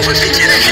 Everything